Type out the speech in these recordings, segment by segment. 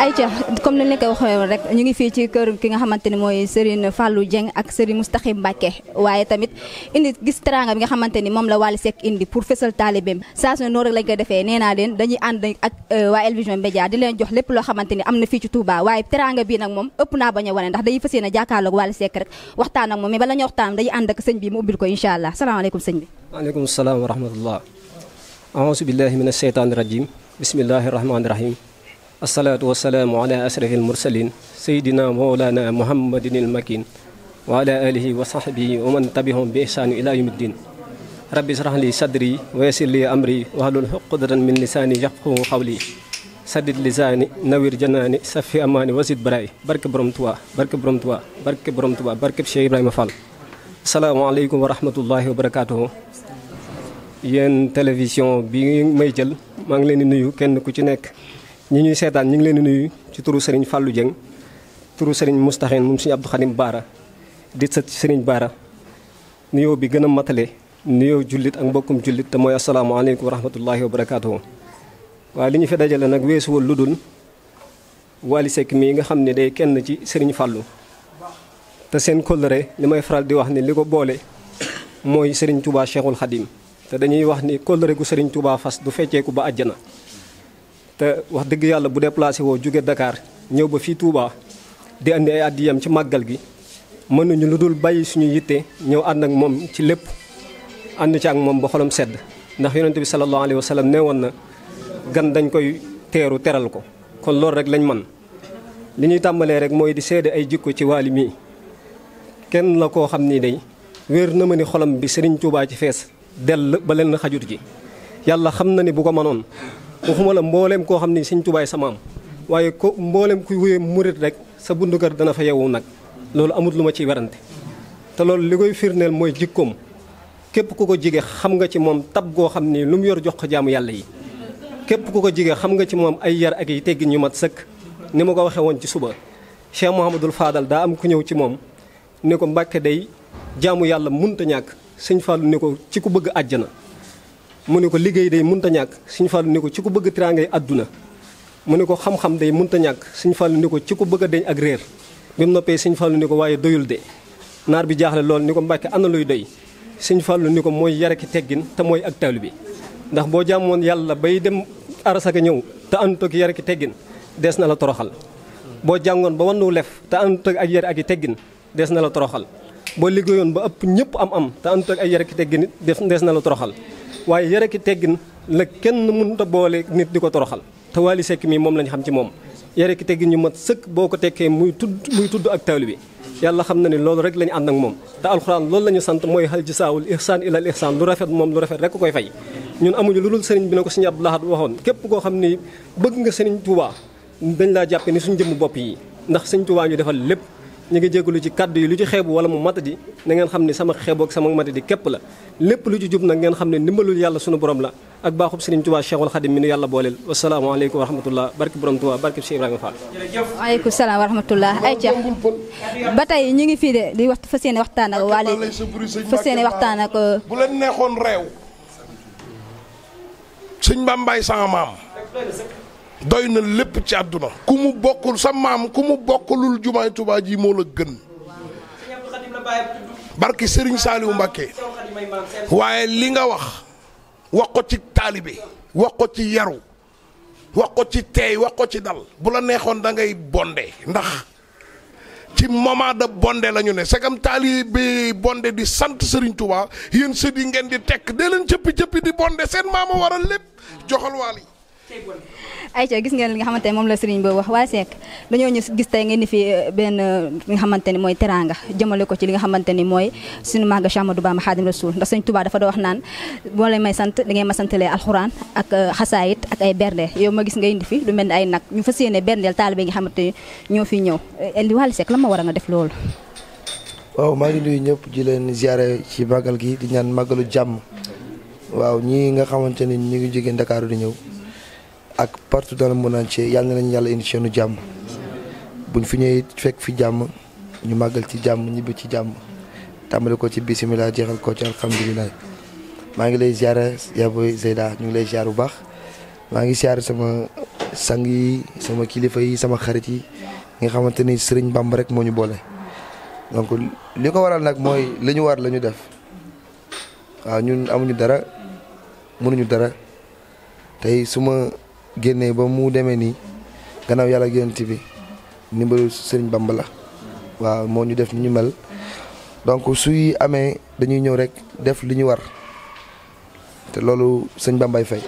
Aïcha comme ni ñu leen ko waxee woon rek ñu ngi fii ci kër ki nga xamante ni mooy Serigne Fallou Dieng ak Serigne Moustahim Mbacké waaye tamit indi gis teranga bi nga xamante ni moom la waal Seck indi pour fësal taalibeem saa su ne noonu rek lañ koy defee nee naa leen dañuy ànd ak euh, waa El Vision Média di jox lépp loo xamante ni am na fii ci Touba waaye teranga bi nag moom ëpp naa bañ a wane ndax day fas yéene jàkkaarloog Wally Seck rek waxtaan ak moom mais bala ñuy waxtaan dañuy ànd ak sëñ أعوذ بالله من الشيطان الرجيم بسم الله الرحمن الرحيم الصلاة والسلام على أشرف المرسلين سيدنا مولانا محمد المكين وعلى آله وصحبه ومن تبعهم بإحسان إلى يوم الدين رب اشرح لي صدري ويسر لي أمري واحلل عقدة من لساني يفقهوا قولي سدد لساني نوير جناني صفي أماني وزد برائي برك بروم توا برك بروم توا برك بروم توا برك بشي إبراهيم فال السلام عليكم ورحمة الله وبركاته yéen télévision bi may jël maa ngi leen di nuyu kenn ku ci nekk ñi ñuy seetaan ñu ngi leen di nuyu ci turu sëriñ fàllu Dieng turu sëriñ Moustaxin moom suñu Abdou Khadim Baara di sët sëriñ Baara nuyoo bi gën a matale nuyoo jullit ak mbokkum jullit te mooy asalaamaaleykum wa rahmatullahi wa barakaatuhu waaye li ñu fi dajale nag weesuwul lu dul Wally Seck mii nga xam ne day kenn ci sëriñ Fallou te seen kóllëre li may faral di wax ni li ko boole mooy sëriñ Touba Cheikhul Khadim te dañuy wax ni kóllëre gu serigne Touba fas du ko ba aljana te wax deug yalla bu déplacer wo jugé Dakar ñew ba fi Touba di andi ay adiyam ci magal gi mënu ñu luddul bayyi suñu yitte ñew and ak mom ci lepp and ci ak mom ba xolam sedd ndax yonente bi sallallahu alaihi wasallam sallam na gan dañ koy téru teral ko kon lool rek lañ man li ñuy tambalé rek moy di sédé ay jikko ci walimi kenn la ko xamni day wër na ma ni xolam bi serigne Touba ci fess dell ba leen xajut ji yàlla xam na ni bu ko mënoon waxuma la mbooleem koo xam ni sëñ tubaay sama am waaye ko mbooleem kuy wuyee murit rek sa bundu kër dana fa yewu nag loolu amut lu ma ciy werante te loolu li koy firndeel mooy jikkoom képp ku ko jige xam nga ci moom tab goo xam ni lu mu yor jox ko jaamu yàlla yi képp ku ko jige xam nga ci moom ay yar ak yi teggin ñu mat sëkk ni ma ko waxee woon ci suba Cheikh Mouhamadul faadal daa am ku ñëw ci moom ni ko Mbàkke day jaamu yàlla munta ñàkk sëñ Fallou ni ko ci ku bëgg àjjana mu ne ko liggéey day mënta ñàkk sëñ Fallou ne ko ci ku bëgg tiraangay àdduna mu ne ko xam-xam day mënta ñàkk sëñ Fallou ne ko ci ku bëgg a deñ ak réer bi mu noppee sëñ Fallou ne ko waaye doyul de naar bi jaaxle lool ni ko Mbàkke ana luy doy sëñ Fallou ni ko mooy yar ki teggin te mooy ak taalu bi ndax boo jàmmoon yàlla bay dem arasaka ñëw te àndut ak yar ak teggin dees na la toroxal boo jàngoon ba wannu lef te àndut ak yar ak teggin dees na la toroxal boo liggéeyoon ba ëpp ñëpp am-am te àndut ak ay yar ak teggin def ndees na la toroxal waaye yar ak teggin la kenn mënut a boole nit di ko toroxal te Wally Seck mii moom lañ xam ci moom. yar ak teggin ñu ma sëkk boo ko tekkee muy tudd muy tudd ak taalibe bi yàlla xam na ne loolu rek lañu ñu ànd ak moom te alxuraan loolu la ñu sant mooy hal jazaa'ul ihsaan illal ihsaan lu rafet moom lu rafet rek koy fay. ñun amuñu lu dul sëriñ bi ne ko suñu Abdou Lahad waxoon képp koo xam ni bëgg nga sëriñ Touba dañ laa jàppe ni suñu jëmm bopp yi ndax sëriñ ñu defal lépp ñi ngi jégalu ci kaddu yi lu ci xeebu wala mu matadi na ngeen xam sama xeeboo ak sama matadi képp la lépp lu ci jub nag ngeen xam ne ndimbalul yàlla sunu borom la ak baaxub sëriñ Tuubaa Cheikhul Xadim mi nu yàlla booleel alaykum wa rahmatullah barki borom Tuubaa barki Cheikh Ibrahima Fall waaleykum salaam wa rahmatullah ay ca ba tey ngi fii de di waxtu fa seen waxtaan ak waale fa seen waxtaan ak euh, bu leen neexoon réew sëñ sama maam doy na lépp ci àdduna ku mu bokkul sa maam ku mu bokkalul jumaay tubaa jii moo la gën barki sëriñ Saliou Mbacké waaye li nga wax wax ko ci taalibe wax ko ci yaru wax ko ci teey wax ko ci dal bu la neexoon dangay bonde ndax ci moment de bondé la ñu ne segam taalibe bonde di sant sëriñ Touba yéen sët yi ngeen di tekk dee leen cëppi cëppi di bondé seen maama waral lépp joxal yi ayca gis ngeen li nga xamante ne moom la sëriñ boobu wax waa Seck dañoo ñu gis tey ngeen ni fi eh, benn eh, li ne mooy teraanga jëmale ko ci li nga xamante ni mooy suñu màgg Cheikh Ahmadou Bamba Xaadim Rasul ndax sëñ Tuubaa dafa doon wax naan boo may sant da ngeen ma santalee alxuraan ak eh, xasaayit ak ay bernde yow ma gis nga indi fi lu mel ni ay nag ñu fas yéene berndeel taalibe yi nga xamante ni ñoo fi ñëw li Wally la ma war a nga def loolu waaw maa ngi nuyu ñëpp di leen ziare ci màggal gi di ñaan màggalu jàmm waaw ñi nga xamante ni ñu ngi jógee Ndakaaru di ñëw ak partout dans le monde entier yalla nañ yalla indi seenu jamm buñ fi ñëw fekk fi jamm ñu magal ci jamm ñibi ci jamm tàmbali ko ci bismillah jeexal ko ci alhamdullilah ma ngi lay ya yaboy Zeyda ñu ngi lay ziar bu baax ngi ziar sama sangi sama kilifa yi sama xarit yi nga xamanteni serigne bamb rek moñu bolé donc liko waral nak moy war lañu def wa ñun amuñu dara mënuñu dara tay suma génnee ba mu demee nii gannaaw yàlla ak yonent bi ndimbalu Sëriñ Bamba waaw moo ñu def ni ñu mel donc suy amee dañuy ñëw rek def lu ñu war te loolu sëñ Bambay fay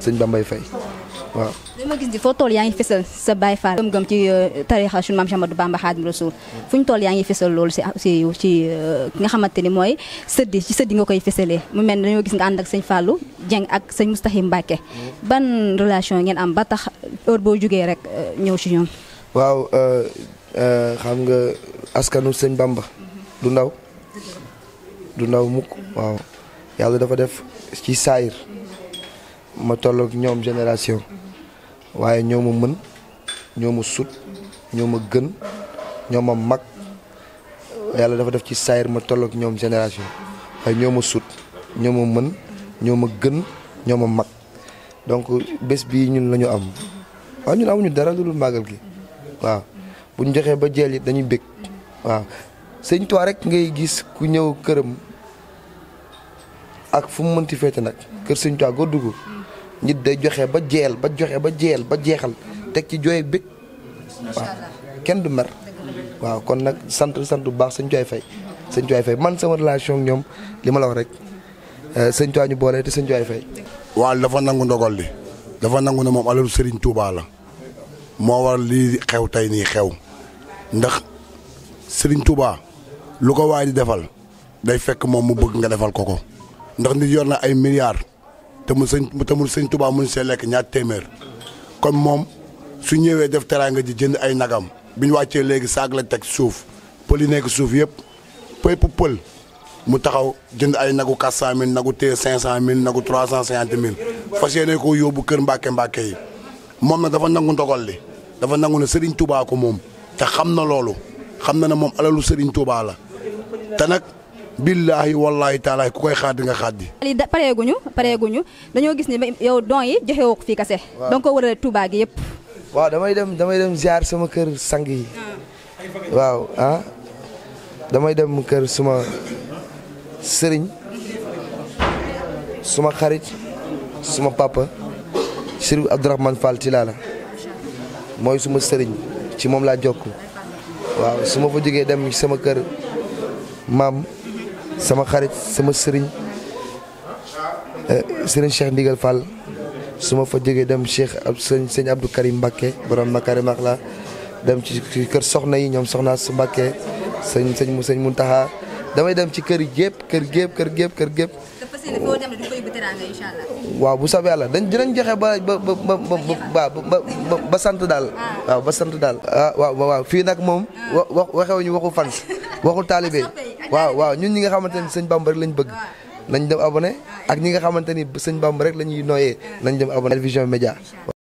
sëñ Bambay fay waaw li gis ni foo toll yaa ngi fësal sa baay Fall gëm-gëm ci euh, tarixa suñu maam Ahmadou Bamba Xaadimu Rasuul fu ñu toll yaa ngi fësal loolu si si ci euh, nga xamante ni mooy sëddi ci sëddi nga koy fësalee mu mel ne dañoo gis nga ànd ak sëñ Fallou Dieng ak sëñ Moustahim Mbacke ban relation ngeen am ba tax heure boo jógee rek euh, ñëw si ñoom waaw xam nga askanu sëñ Bamba du ndaw du ndaw mukk waaw yàlla dafa def ci saayir ma tolloog ñoom génération waaye ñoo ma mën ñoo ma sut ñoo ma gën ñoo ma mag yàlla dafa def ci saayir ma tolloog ñoom génération waaye ñoo ma sut ñoo ma mën ñoo ma gën ñoo ma mag donc bés bii ñun lañu am waaw ñun amuñu dara lu dul màggal gi waaw bu ñu joxee ba jeel it dañuy bég waaw sëñ Tuubaa rek ngay gis ku ñëw këram ak fu mu mënti feete nag kër sëñ Tuubaa goo dugg nit day joxe ba jeel ba joxe ba jeel ba jeexal teg ci jooy bi kenn du mer waaw kon nag sant sant bu baax sëñ Thioye Faye sëñ Thioye Faye man sama relation ñoom li ma la wax rek eh, sëñ Thioye boole te sëñ Thioye Faye waaw dafa nangu ndogal li dafa nangu ne moom alalu Serigne Touba la moo waral lii xew tey nii xew ndax sëriñ Touba lu ko waay di defal day fekk moom mu bëgg nga defal ko ko ndax nit yoon na ay milliards te mu sëñ te mu sëñ Tuubaa mun see lekk ñaar téeméer kon moom su ñëwee def teraanga ji jënd ay nagam bi ñu wàccee léegi saag la teg suuf pël yi nekk suuf yëpp pépp pël mu taxaw jënd ay nagu 400000 nagu téye 500000 nagu 350000 fas yéene koo yóbbu kër mbaake Mbàkke yi moom na dafa nangu ndogal dafa nangu ne Serigne Touba moom te xam na loolu xam na ne moom alalu Serigne Touba la te nag. billaahi wallaahi taalaahi ku koy xaadi nga xaadi. da pareeguñu ñu dañoo gis ni yow don yi joxe woo fii kase. waaw da nga ko wërale Touba yëpp. waaw damay dem damay dem ziar sama kër sang waaw ah damay dem kër suma sëriñ suma xarit suma papa Chérif Abdourahmane Fall Tilala mooy suma sëriñ ci moom laa jokk waaw su ma fa jógee dem sama kër maam. sama xarit sama sëriñ eh, sëriñ Cheikh Ndigal Fall su ma fa jógee dem Cheikh ab sëñ sëñ Abdou Karim Mbacke borom Makarim ak la dem ci kër soxna yi ñoom soxna su Mbacke sëñ sëñ mu sëñ Muntaha damay dem ci kër yëpp kër yëpp kër yëpp kër yëpp. waaw bu soobee yàlla dañ dinañ joxe ba ba ba sant daal. Ah. waaw daal. ah waaw fii nag moom. Ah. wa ñu waxu fans waxu taalibe. waaw waaw ñun ñi nga xamante ni sëñ Bamba rek bëgg nañ dem abonné ak ñi nga xamante ni sëñ Bamba rek la ñuy nooyee nañ dem abonné El Vision Médias